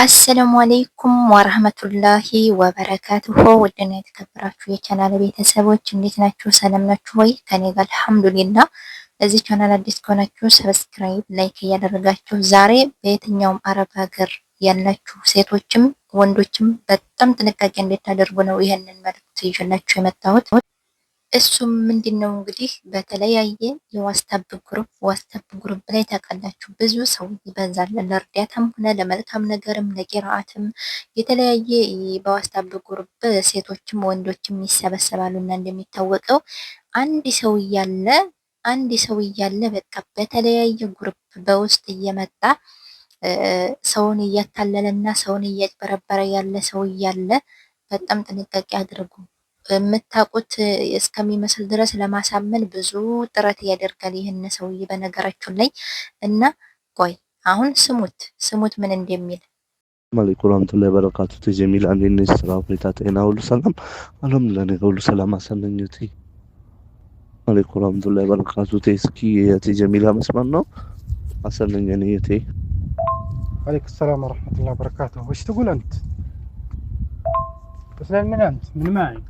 አሰላሙ አሌይኩም ወረህመቱላሂ ወበረካቱሁ ውድና የተከበራችሁ የቻናል ቤተሰቦች እንዴት ናችሁ? ሰላም ናችሁ ወይ? ከኔ ጋር አልሐምዱሊላ። እዚህ ቻናል አዲስ ከሆናችሁ ሰብስክራይብ፣ ላይክ እያደረጋችሁ ዛሬ በየትኛውም አረብ ሀገር ያላችሁ ሴቶችም ወንዶችም በጣም ጥንቃቄ እንዴት ታደርጉ ነው ይህንን መልዕክት ይዤላችሁ የመጣሁት። እሱም ምንድን ነው እንግዲህ በተለያየ የዋትስአፕ ግሩፕ ዋትስአፕ ግሩፕ ላይ ታውቃላችሁ ብዙ ሰው ይበዛል። ለእርዳታም ሆነ ለመልካም ነገርም ለቂራአትም የተለያየ በዋትስአፕ ግሩፕ ሴቶችም ወንዶችም ይሰበሰባሉ እና እንደሚታወቀው አንድ ሰው እያለ አንድ ሰው እያለ በቃ በተለያየ ግሩፕ በውስጥ እየመጣ ሰውን እያታለለ እና ሰውን እያጭበረበረ ያለ ሰው እያለ በጣም ጥንቃቄ አድርጉ። የምታውቁት እስከሚመስል ድረስ ለማሳመን ብዙ ጥረት ያደርጋል ይህን ሰውዬ በነገራችን ላይ እና ቆይ አሁን ስሙት ስሙት ምን እንደሚል አለይኩም ወራህመቱላሂ ወበረካቱ የሚል አንዴ ነው። ስራ ሁኔታ፣ ጤና ሁሉ ሰላም አልሐምዱሊላህ፣ ነገ ሁሉ ሰላም አሰነኝት። አለይኩም ወራህመቱላሂ ወበረካቱ። እስኪ የእቴ ጀሚላ መስማት ነው አሰነኝ። እኔ የእቴ አለይኩም ሰላም ወራህመቱላሂ ወበረካቱ። ወሽ ትጉላንት ስለምን አንት ምን አንተ ምን ማለት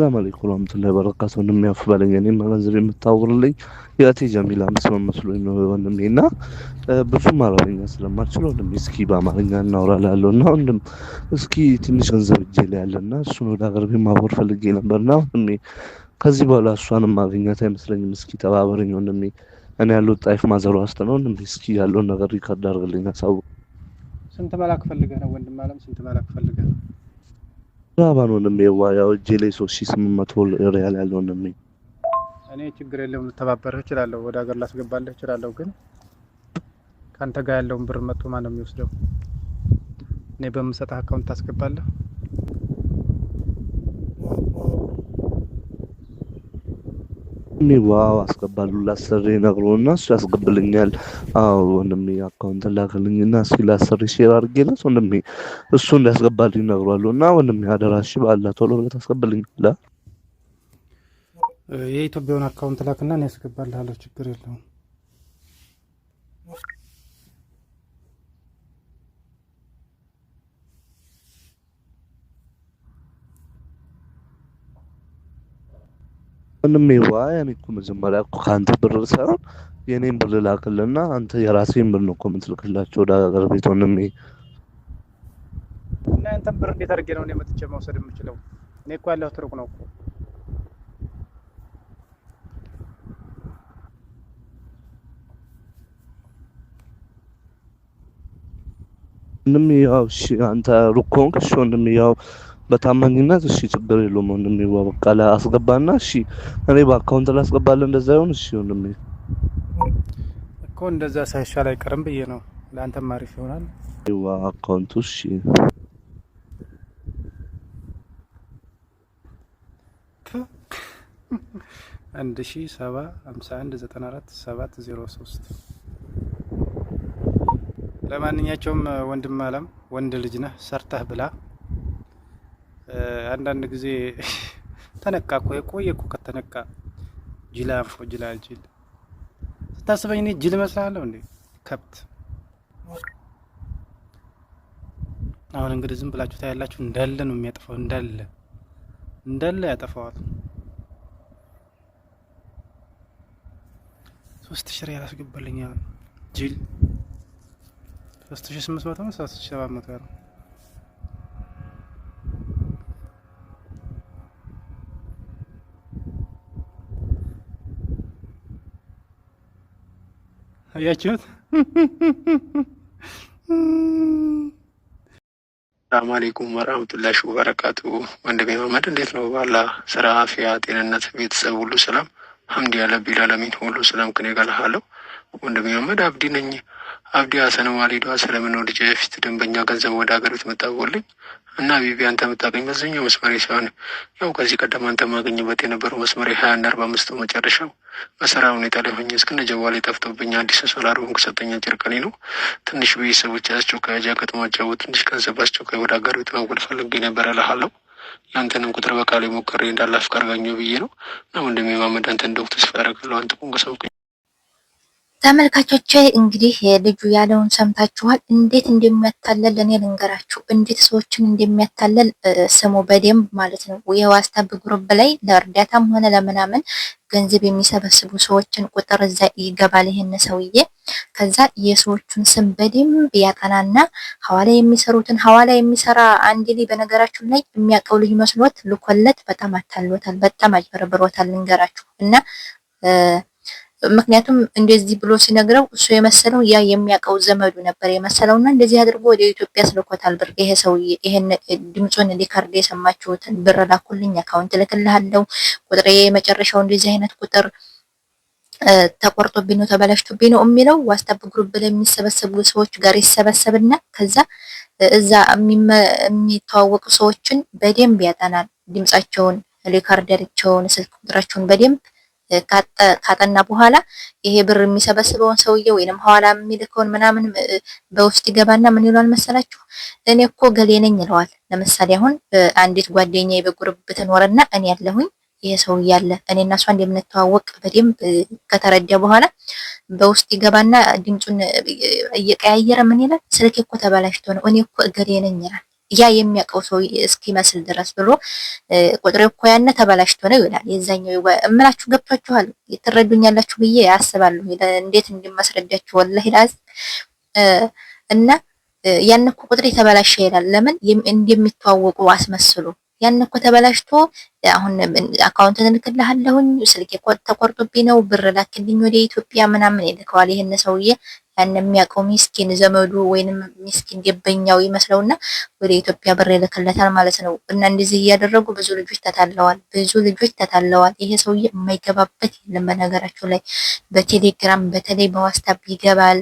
ሰላም አለይኩም ወራህመቱላሂ ወበረካቱ። ወንድም ያፍ በለኝ እኔ ማንዘር የምታወርልኝ ያቴ ጀሚላ አምስት መስሎኝ ነው ወንድም እና ብዙም አማርኛ ስለማልችል ወንድም እስኪ በአማርኛ እናወራላለሁ እና ወንድም እስኪ ትንሽ ገንዘብ እጄ ላይ ያለና እሱን ወደ ሀገር ቤት ማወር ፈልጌ ነበር። ነበርና ወንድሜ ከዚህ በኋላ እሷን ማገኛት አይመስለኝም። እስኪ ተባበረኝ ወንድሜ። እኔ ያለሁት ጣይፍ ማዘሩ ውስጥ ነው ወንድሜ። እስኪ ያለውን ነገር ሪከርድ አድርግልኝ አሳውቅ። ስንት መላክ ፈልገህ ነው ወንድም? አለም ስንት መላክ ፈልገህ ነው? ራባ ነው እንደሚያዋ ያው እጄ ላይ 3800 ሪያል ያለው እንደሚኝ እኔ ችግር የለም ልተባበርህ እችላለሁ፣ ወደ ሀገር ላስገባልህ እችላለሁ። ግን ካንተ ጋር ያለውን ብር መጥቶ ማነው የሚወስደው? እኔ በምሰጥህ አካውንት ታስገባለህ። እኔ ዋው አስገባሉ ላሰሪ ነግሮና እሱ ያስገብልኛል። አዎ ወንድሜ አካውንት ላክልኝና እስኪ ላሰሪ ሼር አድርጌለት ወንድሜ እሱ እንዲያስገባልኝ ነግሯሉ እና ወንድሜ አደራሽ ባላ ቶሎ ብለት ታስገባልኝ ብላ የኢትዮጵያውን አካውንት ላክና እኔ ያስገባልሃለሁ። ችግር የለውም። ምንም ይዋ እኔ እኮ መጀመሪያ እኮ ከአንተ ብር ሳይሆን የእኔን ብር ላክልና አንተ የራሴን ብር ነው እኮ የምትልክላቸው ወደ ሀገር ቤት ወንድሜ። እና ያንተን ብር እንዴት አድርጌ ነው እኔ መጥቼ መውሰድ የምችለው? እኔ እኮ ያለሁት ሩቅ ነው እኮ ወንድሜ። ያው እሺ አንተ ሩቅ ከሆንክ እሺ ወንድሜ ያው በታማኝነት እሺ፣ ችግር የለውም ወንድሜ፣ በቃ አስገባና፣ እሺ፣ እኔ በአካውንት ላስገባለሁ። እንደዛ ይሁን። እሺ ወንድሜ እኮ እንደዛ ሳይሻል አይቀርም ብዬ ነው። ለአንተም ማሪፍ ይሆናል። ይዋ አካውንቱ እሺ። አንድ ሺ ሰባ ሀምሳ አንድ ዘጠና አራት ሰባት ዜሮ ሶስት ለማንኛቸውም ወንድም አለም ወንድ ልጅ ነህ፣ ሰርተህ ብላ አንዳንድ ጊዜ ተነቃ እኮ የቆየ እኮ ጅላን ፎ ጅላ ጅል ስታስበኝ እኔ ጅል እመስላለሁ እንዴ? ከብት አሁን እንግዲህ ዝም ብላችሁ ታያላችሁ። እንዳለ ነው የሚያጠፋው፣ እንዳለ እንዳለ ያጠፋዋል። ሶስት ሽር ሪያል ጅል ሶስት ሺ ስምንት መቶ ነው ሶስት ሺ ሰባት መቶ ያለው አያችሁት? ሰላም አሌይኩም ወራህመቱላሂ ወበረካቱ። ወንድሜ መሀመድ እንዴት ነው? ባላ ስራ፣ አፍያ፣ ጤንነት፣ ቤተሰብ ሁሉ ሰላም ሐምድ ያለ ቢል ሁሉ ሰላም ከኔ ጋር አለው። ወንድሜ መሀመድ አብዲ ነኝ። አብዲ ሀሰን ዋሊዷ ስለምኖር ልጅ የፊት ደንበኛ ገንዘብ ወደ ሀገር ቤት መጣወልኝ እና ቢቢ አንተ የምታገኝ በዚህኛው መስመሬ ሲሆን ያው ከዚህ ቀደም አንተ ማገኝበት የነበረው መስመር ሀያ እና አርባ አምስት መጨረሻው በስራ ሁኔታ ላይ ሆኜ እስከነ ላይ ጠፍቶብኝ አዲስ ሶላር ሆንክ ሰጠኝ ጭርቀኔ ነው ትንሽ ቤተሰቦች ከያጃ ከተማቸው ትንሽ ገንዘብ አስቸኳይ ወደ ሀገር ቤት መውሰድ ፈልጌ ነበረ እልሃለሁ። ያንተንም ቁጥር በቃሌ ሞከሬ እንዳላፍቅ አርጋኘ ብዬ ነው እና እንደሚማመድ አንተን ዶክተር ስፋ ያደረግለው አንተ ቆንቀሰብኩ ተመልካቾቼ እንግዲህ ልጁ ያለውን ሰምታችኋል። እንዴት እንደሚያታለል እኔ ልንገራችሁ፣ እንዴት ሰዎችን እንደሚያታለል ስሙ በደንብ ማለት ነው። የዋስታ ብግሩብ ላይ ለእርዳታም ሆነ ለምናምን ገንዘብ የሚሰበስቡ ሰዎችን ቁጥር እዛ ይገባል ይህን ሰውዬ። ከዛ የሰዎቹን ስም በደንብ ያጠናና ሐዋላ የሚሰሩትን ሐዋላ የሚሰራ አንድ ላይ በነገራችሁ ላይ የሚያውቀው ልጅ መስሎት ልኮለት በጣም አታሎታል፣ በጣም አጭበርብሮታል ልንገራችሁ እና ምክንያቱም እንደዚህ ብሎ ሲነግረው እሱ የመሰለው ያ የሚያውቀው ዘመዱ ነበር የመሰለው እና እንደዚህ አድርጎ ወደ ኢትዮጵያ ስልኮታል ብር። ይሄ ሰውዬ ይሄን ድምፁን ሊካርድ የሰማችሁትን ብር ላኩልኝ፣ አካውንት ልክልሃለው፣ ቁጥር የመጨረሻው እንደዚህ አይነት ቁጥር ተቆርጦብኝ ነው ተበላሽቶብኝ ነው የሚለው ዋስታፕ ግሩፕ ላይ የሚሰበሰቡ ሰዎች ጋር ይሰበሰብና ከዛ እዛ የሚተዋወቁ ሰዎችን በደንብ ያጠናል። ድምጻቸውን፣ ሪካርደራቸውን፣ ስልክ ቁጥራቸውን በደንብ ካጠና በኋላ ይሄ ብር የሚሰበስበውን ሰውዬ ወይንም ሐዋላ የሚልከውን ምናምን በውስጥ ይገባና ምን ይሏል መሰላችሁ? እኔ እኮ ገሌ ነኝ ይለዋል። ለምሳሌ አሁን አንዲት ጓደኛ የበጉርብትን ወረና እኔ ያለሁኝ ይሄ ሰውዬ አለ እኔ እና እሷ እንደምንተዋወቅ በደንብ ከተረዳ በኋላ በውስጥ ይገባና ድምፁን እየቀያየረ ምን ይላል? ስልኬ እኮ ተበላሽቶ ነው እኔ እኮ እገሌ ነኝ ይላል። ያ የሚያውቀው ሰው እስኪመስል ድረስ ብሎ ቁጥሬ እኮ ያነ ተበላሽቶ ነው ይላል። የዛኛው እምላችሁ ገብቷችኋል፣ ትረዱኛላችሁ ብዬ ያስባሉ። እንዴት እንደማስረዳችሁ ወላሂ ላዝ እና ያን እኮ ቁጥሬ ተበላሸ ይላል። ለምን እንደሚተዋወቁ አስመስሉ ያን እኮ ተበላሽቶ አሁን አካውንትን እልክልሃለሁኝ ስልክ ተቆርጦብኝ ነው ብር ላክልኝ ወደ ኢትዮጵያ ምናምን ይልከዋል። ይህን ሰውዬ ያን የሚያውቀው ሚስኪን ዘመዱ ወይንም ሚስኪን ደበኛው ይመስለውና ወደ ኢትዮጵያ ብር ይልክለታል ማለት ነው። እና እንደዚህ እያደረጉ ብዙ ልጆች ተታለዋል፣ ብዙ ልጆች ተታለዋል። ይሄ ሰውዬ የማይገባበት የለም። በነገራችሁ ላይ በቴሌግራም በተለይ በዋትስአፕ ይገባል።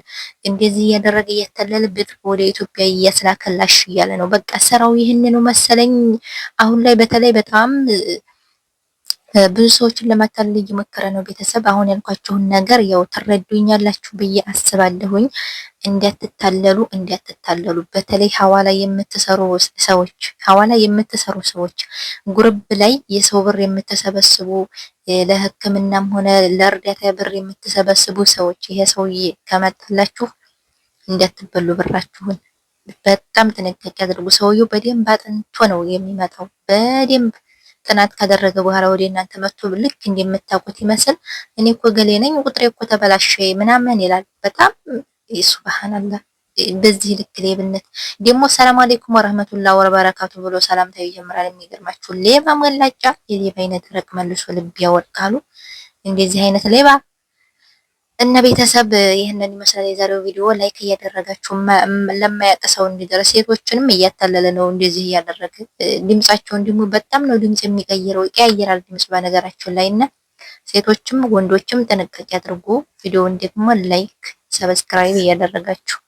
እንደዚህ እያደረገ እያታለለ ብር ወደ ኢትዮጵያ እያስላከላሽ እያለ ነው። በቃ ስራው ይህንኑ መሰለኝ። አሁን ላይ በተለይ በጣም ብዙ ሰዎችን ለማታለል እየሞከረ ነው። ቤተሰብ አሁን ያልኳችሁን ነገር ያው ትረዱኛላችሁ ብዬ አስባለሁኝ። እንዲያትታለሉ እንዲያትታለሉ በተለይ ሀዋላ የምትሰሩ ሰዎች ሀዋላ የምትሰሩ ሰዎች ጉርብ ላይ የሰው ብር የምትሰበስቡ ለሕክምናም ሆነ ለእርዳታ ብር የምትሰበስቡ ሰዎች ይሄ ሰውዬ ከመጣላችሁ እንዲያትበሉ ብራችሁን በጣም ጥንቃቄ አድርጉ። ሰውየው በደንብ አጥንቶ ነው የሚመጣው በደንብ ጥናት ካደረገ በኋላ ወደ እናንተ መጥቶ ልክ እንደምታውቁት ይመስል እኔ እኮ ገሌ ነኝ ቁጥሬ እኮ ተበላሸ ምናምን ይላል። በጣም ሱብሃንአላህ። በዚህ ልክ ሌብነት ደግሞ ሰላም አለይኩም ወራህመቱላህ ወበረካቱ ብሎ ሰላምታ ይጀምራል። የሚገርማችሁ ሌባ መላጫ የሌባ አይነት ረቅ መልሶ ልብ ያወቃሉ እንደዚህ አይነት ሌባ እና ቤተሰብ ይህንን ይመስላል የዛሬው ቪዲዮ። ላይክ እያደረጋችሁ ለማያውቅ ሰው እንዲደርስ፣ ሴቶችንም እያታለለ ነው እንደዚህ እያደረገ ድምጻቸውን ደግሞ በጣም ነው ድምጽ የሚቀይረው ይቀያየራል ድምጽ በነገራችሁ ላይ እና ሴቶችም ወንዶችም ጥንቃቄ አድርጉ። ቪዲዮውን ደግሞ ላይክ ሰብስክራይብ እያደረጋችሁ